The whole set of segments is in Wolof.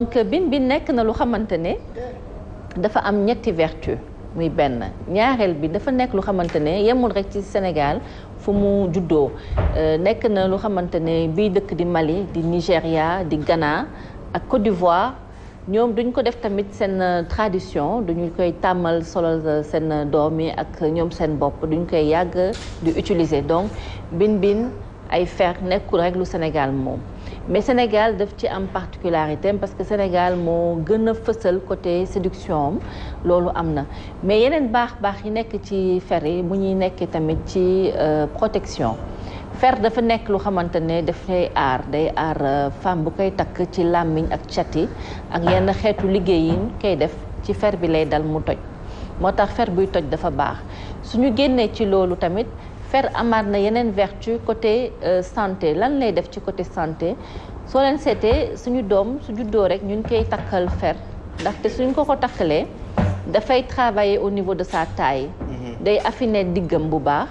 donc bin bi nekk na lu xamante ne dafa am ñetti vertu muy benn ñaareel bi dafa nekk lu xamante ne yemul rek ci Sénégal fu mu juddoo euh, nekk na lu xamante ne biy dëkk di Mali di Nigéria di Ghana ak Côte d'Ivoire ñoom duñ ko def tamit seen euh, tradition duñu koy tàmmal solo euh, seen doom ak ñoom seen bopp duñ koy yàgg di utiliser donc bin bin ay fer nekkul rek lu Sénégal moom mais Sénégal def ci am particularité parce que Sénégal moo gën a fësal côté séduction loolu am na mais yeneen baax-baax yi nekk ci fer yi bu ñuy nekkee tamit ci euh, protection fer dafa nekk lu xamante ne dafay aar day aar euh, femme bu koy takk ci làmmiñ ak cati ak yenn xeetu liggéey yi koy def ci fer bi lay dal mu toj moo tax fer buy toj dafa baax suñu génnee ci loolu tamit fer amaat na yeneen vertu côté euh, santé lan lay def ci côté santé soo leen seetee suñu doom su juddoo rek ñun koy takkal fer ndaxte suñ ko ko takkalee dafay travailler au niveau de sa taille. Mhm. day affiner diggam bu baax.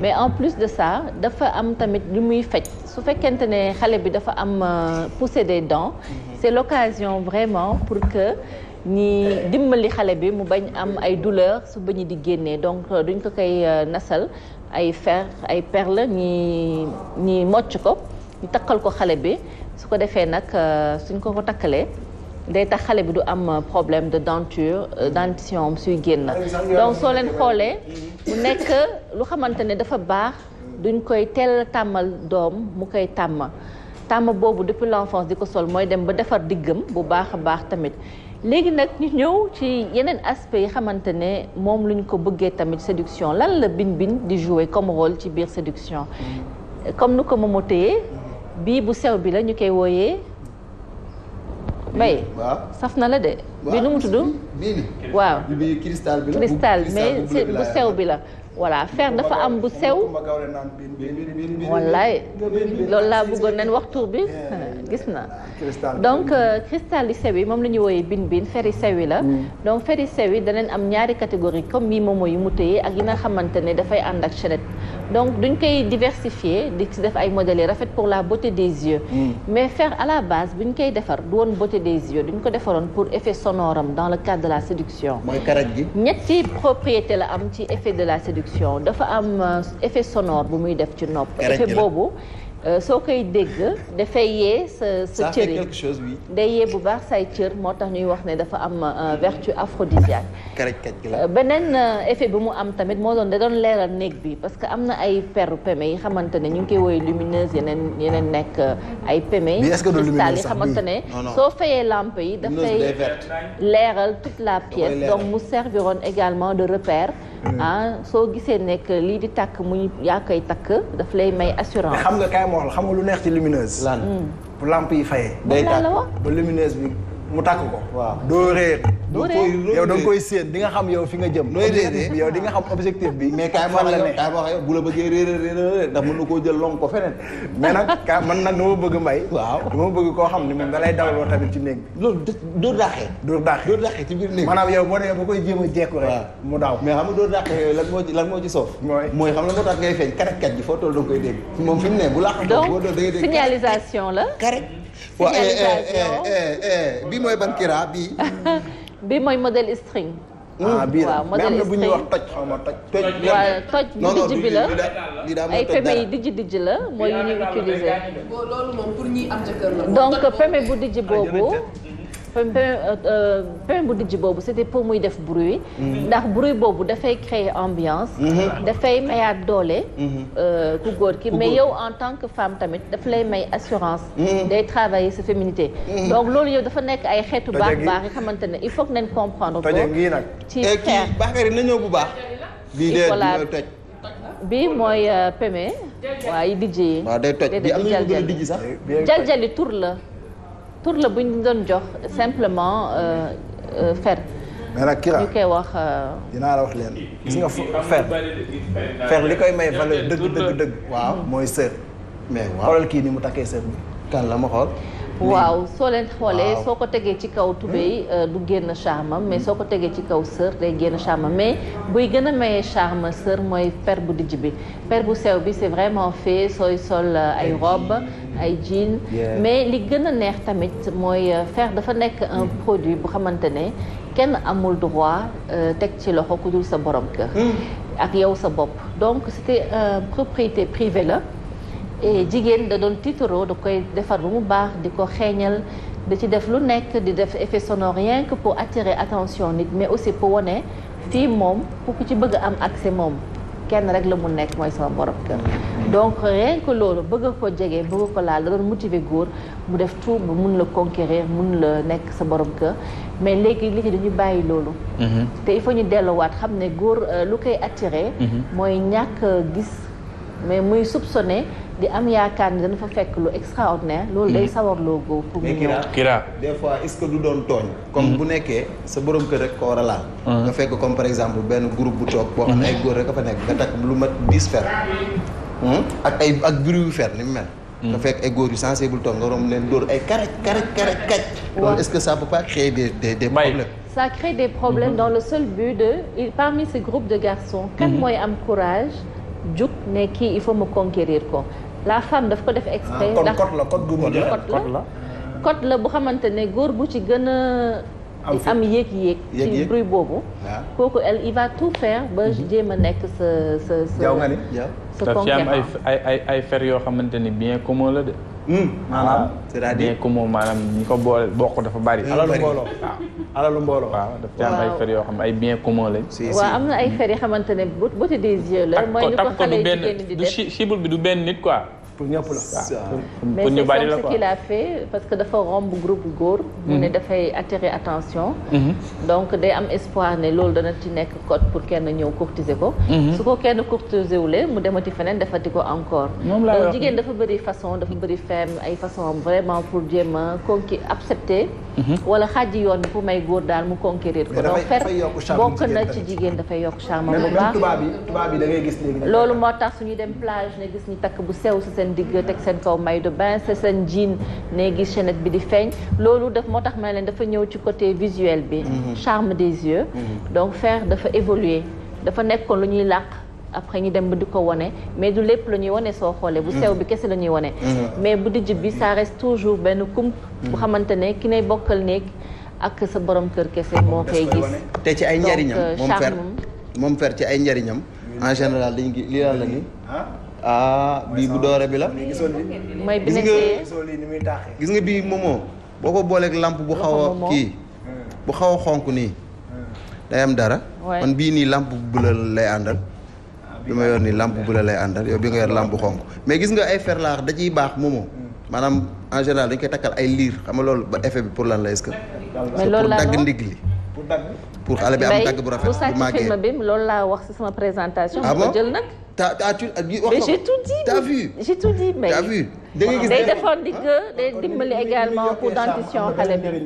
mais en plus de ça dafa am tamit lu muy faj su fekkente ne xale bi dafa am euh, poussée des dents. Mhm. c'est l'occasion vraiment pour que. ñi dimbali xale bi mu bañ am ay douleur su bañi di génnee donc euh, duñ ko koy nasal ay fer ay perle ñi ñi mocc ko ñu takkal ko xale bi su ko defee nag euh, suñ ko ko takkalee day tax xale bi du am euh, problème de denture euh, dentition suy génn donc soo leen xoolee mu nekk lu xamante ne dafa baax duñ koy teel tàmmal doom mu koy tàmm tàmm boobu depuis l'enfance di ko sol mooy dem ba defar diggam bu baax a baax tamit léegi nag ñu ñëw ci yeneen aspect yi xamante ne moom lu ñu ko bëggee tamit séduction lan la bin bin di jouer comme rôle ci biir séduction comme nu ko moomoo téye bii bu sew bi la ñu koy wooyee may saf na la de bi nu mu tudd waaw cristal bi bu sew bi la voilà fer dafa am bu sew wallaay loolu laa bëggoon nañ wax tur bi eh. gis na donc euh, cristal yi sew yi moom la ñuy wooyee bin bin fer yi sew yi la mm. donc fer yi sew yi daneen am ñaari catégorie comme mii moomoo yu mu téye ak yi nga xamante ne dafay ànd ak chaînette donc duñ koy diversifier di ci def ay modèles yi rafet pour la beauté des yeux mm. mais fer à la base buñ koy defar du woon beauté des yeux duñ ko defaroon pour effet sonore am dans le cadre de la séduction mooy karaj gi ñetti propriété la am ci effet de la séduction dafa am euh, effet sonore bu muy def ci nopp boobu Euh, soo koy dégg dafay yee sa sa cër yi quelque day yee bu baax say cër moo tax ñuy wax ne dafa am euh, vertu aphrodisiaque euh, beneen effet bi mu am tamit moo doon da doon leeral néeg bi parce que am na ay peru peme yi xamante ne ñu ngi koy woy lumineuse yeneen yeneen nekk ay peme yi cristal yi xamante ne soo fayee lampe yi dafay leeral toute la pièce donc mu serviroon également de repère ah soo gisee nekk lii di takk mu yaa koy takk daf lay may assurance. xam nga kaay ma wax xam nga lu neex ci lumineuse. lan bu lampe yi fayee. day tàkk ba lumineuse bi mu tàkk ko. waaw doo doo dee koy séen di nga xam yow fi nga jëm. nooy réeré yow di nga xam objectif bi. mais kaay ma la ne kaay ma wax yow bu la bëggee réeré na koo jël man nag dama bëgg mbay. waaw dama bëgg koo xam ne moom da lay dawloo tamit ci néeg bi. loolu dóor daaxee. dóor daaxee dóor ci biir néeg maanaam yow boo demee ba koy jéem a jekku rek. mu daaw mais xam nga dóor daaxee yooyu lan moo lan moo ci soof. mooy xam nga moo tax ngay feeñ karakkat ji foo toll da koy dégg. moom fi mu ne bu laax boo doon dégg signalisation la. karek. signalisation mooy ban kira bii bi mooy modèle string. ah bii waaw modèle string bu ñuy wax toj xaw ma toj. toj waaw toj dijj bi la ay peme yi dijj dijj la mooy yu ñuy utiliser. loolu moom pour ñi am jëkkër la. donc peme bu dijj ah, boobu. pain pain euh, euh, bu dijj boobu c'était pour muy def bruit. Mhm. ndax bruit boobu dafay créer ambiance. Mhm. dafay mayaat doole. Mhm. Euh, ku góor ki mais yow en tant que femme tamit daf lay may assurance. day travailler sa féminité. donc loolu yow dafa nekk ay xeetu baax baax yi xamante ne il faut que comprendre. ko ci xeer baax nga na ñëw bu baax. bii dee mooy peme. waaye dijj yi. waaw day toj am na ñu bëgg a dijj la. tur la bu ñu doon jox simplement euh, euh, fer. mais nag Kira ñu koy wax. Euh, dinaa la wax leen. gis nga fer fer li koy may valeur dëgg dëgg waaw mooy sër. mais waaw xoolal kii ni mu takkee sër kan la ma xool. waaw soo leen xoolee soo ko tegee ci kaw tubéy hmm? euh, du génn charme mais soo ko tegee ci kaw sër day génn charme mais buy gën a mayee charme sër mooy per bu dijj bi per bu sew bi c'est vraiment fait sooy sol euh, ay robe ay jean mais li gën a neex tamit mooy euh, fer dafa nekk un hmm. produit bu xamante ne kenn amul droit teg ci loxo ku dul sa borom kër hmm. ak yow sa bopp donc c'était propriété privée la E jigéen da doon tiitaroo da koy defar bu mu baax di ko xeeñal da ci def lu nekk di def effet sonore rien que pour attirer attention nit mais aussi pour wane fii moom ku ku ci bëgg am accès moom kenn rek la mu nekk mooy sama borom kër donc rien ko loolu bëgg ko jege bëgg ko laal da doon motiver góor mu def tout ba mun la conquérir mun la nekk sa borom kër mais léegi léegi dañu bàyyi loolu mm-hmm. te il faut ñu delluwaat xam ne góor euh, lu koy attirer mm-hmm. mooy ñàkk gis mais muy soupçonné di am yaakaar ni dana fa fekk lu extraordinaire. loolu day mm-hmm. sawar logo pour mu ñëw Kira des fois est-ce que du doon tooñ. comme mm-hmm. bu nekkee sa borom kër rek ko a laal. Mm-hmm. nga fekk comme par exemple benn group bu toog. boo xam ne ay góor rek a fa nekk lu mat dix fer. ak ay ak bruit yu fer ni mu mel. nga fekk ay góor yu sensible toog nga romb leen dóor ay karaj karaj karaj kaj. loolu est-ce que ça peut pas créer des des des problèmes. ça crée des problèmes dans le seul but de parmi ces groupes de garçons. kan mooy am courage. jug ne kii il faut ma conquérir ko la femme daf ko def ah, exprès. ndax code la code la code la bu xamante ne góor bu ci gën a am yéeg-yéeg ci bruit boobu ah. kooku elle il va tout faire ba mhm. jéem a nekk sa sa sa jaw nga sa daf am ay ay ay ay fer yoo xamante ni bien commun la de hmm, maanaam ah. cest à bien commun maanaam ñi ko boole bokk dafa bari hmm, alalu mbooloo waaw ah. alalu mbooloo waaw daf ci am ay fer yoo xam ay bien commun lañ waaw am na ay fer yoo xamante ne beauté des la mooy ni ko xale jigéen di def bi du benn nit quoi pour ñëpp la pour ñu bari a fait parce que dafa romb mhm. mhm. am espoir loolu dana ci nekk code pour kenn ñëw courtiser ko. Mhm. su kenn courtiser wulee mu demati feneen defati ko encore. donc euh, jigéen dafa bëri façon dafa bëri femme ay façon vraiment pour jéem a conquis accepter. wala xaaji yoon bi pour may góor daal mu conquérir ko. donc fer bokk na ci jigéen dafay yokk charme bu tubaab bi tubaab bi da ngay gis léegi. loolu moo tax suñuy dem plage ne gis ñu takk bu sew si seen digg teg seen kaw maillot de bain c'est seen jiin néegi gis bi di feeñ loolu def moo tax ma leen dafa ñëw ci côté visuel bi mhm. charme des yeux mhm. donc faire dafa évoluer dafa nekkoon lu ñuy làq après ñu dem ba di ko wone mais du lépp la ñuy wone soo xoolee bu sew bi kese la wone mhm. mais bu dijj bi ça reste toujours benn kump bu xamante ne ki nay bokkal néeg ak sa boroom kër kese moo koy gis te ci ay njariñam euh, moom fer moom fer ci ay njariñam en général li daal la ah bii bu doore bi la. mooy bi nekk nga gis nga bii moomoo boo ko booleeg lampe bu xaw a kii bu xaw a xonk nii. Hmm. day am dara. man bii nii lampe bu la lay àndal. Ah, bi ma yor nii lampe bu la lay àndal yow bi nga yor lampe xonk mais gis nga ay ferlaax da ciy baax moomoo. Hmm. maanaam en dañ koy takkal ay liir xam nga loolu ba effet bi pour lan la est-ce que. mais dagg ndigg pour dagg. pour xale bi am dagg bu rafet bu màggee loolu laa wax ci sama présentation. ah bon jël nag. t'as t'as tu euh, wax mais j'ai tout dit t'as vu j'ai da ngay gis day defoon digg day dimbali également pour dentition xale bi.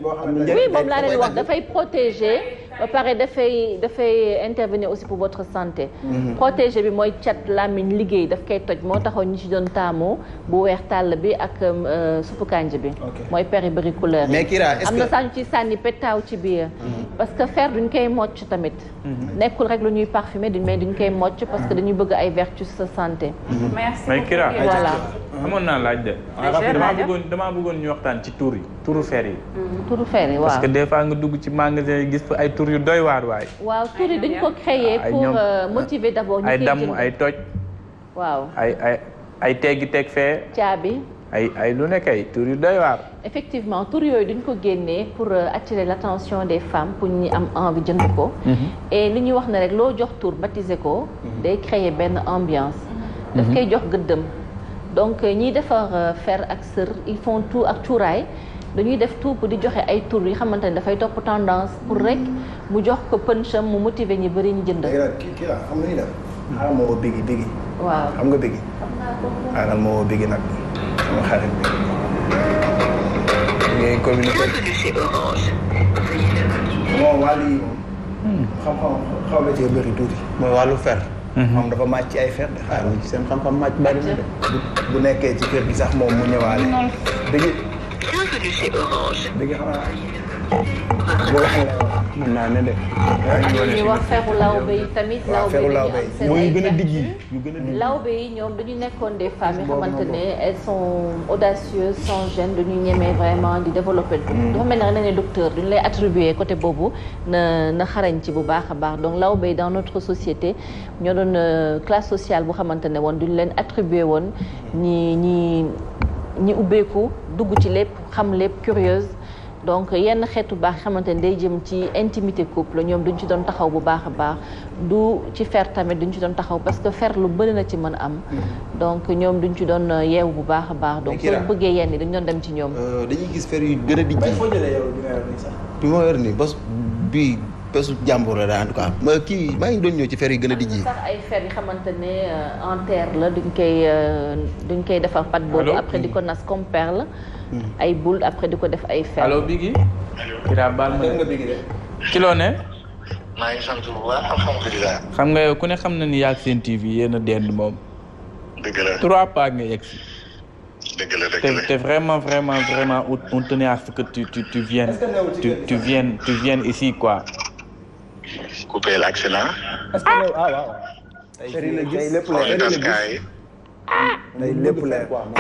moom laa leen wax dafay protéger ba pare dafay dafay intervenir aussi pour votre santé. Mhm. protéger bi mooy cat làmmiñ liggéey daf koy toj moo taxoon ñu ci doon taamu bu weex tàll bi ak euh, suppu kànj bi. mooy péribériculaire. mais Kira est-ce que am na saa ci ciy sànni pettaaw ci bi parce que fer duñ koy mocc tamit. Mhm. nekkul rek lu ñuy parfumer duñ mais duñ koy mocc parce que mhm. dañuy bëgg ay vertus sa santé. Mhm. merci mais Kira voilà. amoon naa laaj de. Ah, damaa bëggoon damaa waxtaan ci tur yi turu fer yi. turu parce que des fois nga dugg ci magasin yi gis ay tur yu doy waar waay. waaw tur yi dañ ko créer pour euh, motiver d'abord. ñu koy ay damm ay toj. waaw ay ay ay teggi teg fee. caabi. ay ay lu nekk ay tur yu doy waar. effectivement tur yooyu duñ ko génnee pour euh, attirer la attention des femmes pour ñu am envie jënd ko. Mhm. et li ñuy wax ne rek loo jox tur baptiser ko. Mhm. day créer benn ambiance. Mhm. daf jox gëddëm. donc euh, ñiy defar euh, fer ak sër il faut tout ak cuuraay dañuy def tout pour di joxe ay tur yi xamante ne dafay topp tendance pour rek mu jox ko pëncham mu motiver ñi bëri ñu jënd. kii kii xam nga ñu def. xam nga Biggi. xaaral ma woo Biggi nag. sama xarit bi. ngay communiquer. bon wàllu yi moom. xam-xam xaw na cee bëri tuuti. mooy wàllu fer. moom dafa màcc ci ay fer de ci seen xam-xam màcc bëri na de. bu nekkee ci kër gi sax moom mu ñëwaale. dëgg. dëgg xam mën naa ne de. wax feru lawbe yi tamit. lawbe yi ñoom dañuy nekkoon des femmes yi xamante ne son sont audacieuses sans gêne dañu ñemee vraiment di développer. Mm. dafa mel ne ne docteur duñu lay attribuer côté boobu na na xarañ ci bu baax a baax donc lawbe yi dans notre société ñoo doon euh, classe sociale bu xamante ne woon duñu leen attribuer woon ñi ñi ñi ubbeeku dugg ci lépp xam lépp curieuse. donc yenn xeetu baax xamante ne day jëm ci intimité couple ñoom duñ ci doon taxaw bu baax a baax du ci fer tamit duñ ci doon taxaw parce que fer lu bëri na ci mën am. Mm-hmm. donc ñoom duñ ci doon euh, yeewu bu baax a baax. donc soo bëggee yenn yi dañ doon dem ci ñoom. Euh, dañuy gis fer yu gën a di. bay foo nii sax. bi ma yor la en tout cas ma kii maa ngi doon ci fer yi gën a di ji. sax ay fer yi xamante ne euh, en terre la duñ koy duñ koy defar pat boobu. après di ko nas comme la Hmm. ay boule après di ko def ay fer. allo Biggi. Kira baal ma nga Biggi de. ci loo ne. maa ngi sant bu baax alhamdulilah. xam nga yow ku ne xam na ni yaa ngi seen TV yéen a dend moom. dëgg la trois pas nga yegg si. dëgg la dëgg la te vraiment vraiment vraiment on tenait à ce que tu tu tu viennes tu tu viennes tu viennes ici quoi. coupé l'accident. est-ce que yow ah waaw. tey lépp la gis tey lépp la gis.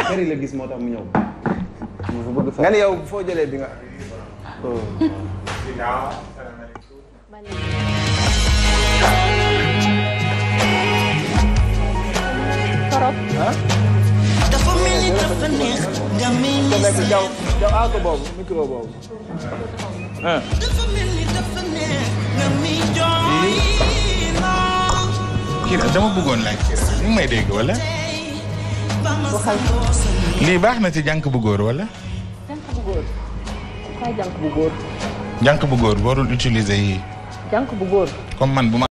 tey lépp la gis moo tax mu ñëw. nga ne yow foo jëlee bi nga. torop. dafa mel ni dafa neex nga mel ni sa jaw jaw aago boobu micro boobu. dafa mel ni dafa neex nga mel jooy. kii dama bëggoon laaj kii rek ñu may dégg wala. waxal. lii baax na ci jànk bu góor wala. jànk bu góor. jànk bu góor. jànk bu góor warul utiliser yii. jànk bu góor. comme man bu ma.